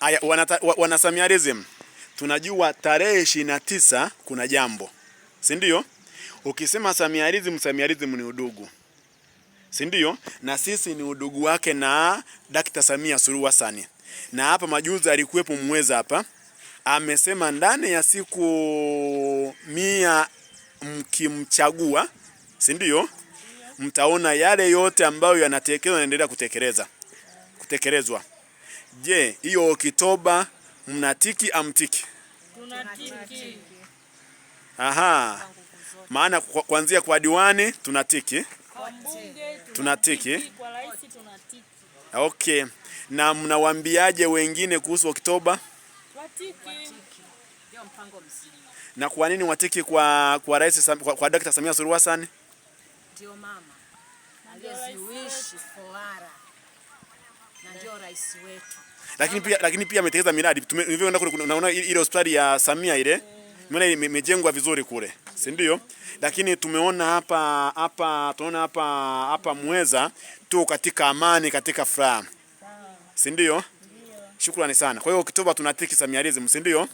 Aya, wanata, wanasamiarism tunajua tarehe ishirini na tisa kuna jambo, si ndio? Ukisema samiarism, samiarism ni udugu, si ndio? Na sisi ni udugu wake na Dakta Samia Suluhu Hassan, na hapa majuzi alikuwepo mweza hapa amesema ndani ya siku mia mkimchagua, si ndio, mtaona yale yote ambayo yanatekelezwa yanaendelea kutekeleza kutekelezwa Je, hiyo Oktoba mnatiki amtiki? Tunatiki. Aha. Maana kuanzia kwa diwani tunatiki, kwa tunatiki, kwa tunatiki. Okay. Na mnawaambiaje wengine kuhusu Oktoba? Watiki. Na kwa nini watiki kwa kwa rais kwa, kwa Dkt. Samia Suluhu Hassan? Ndio mama. Aliyeziwishi fara na ndio rais wetu. Lakini pia lakini pia ametekeleza miradi. Tumeona kule unaona ile hospitali ya Samia ile. Umeona imejengwa vizuri kule. Si ndio? Lakini tumeona hapa hapa tunaona hapa hapa Muheza tu katika amani katika furaha. Si ndio? Ndio. Shukrani sana. Kwa hiyo Oktoba tunatiki Samia Rizim, si ndio?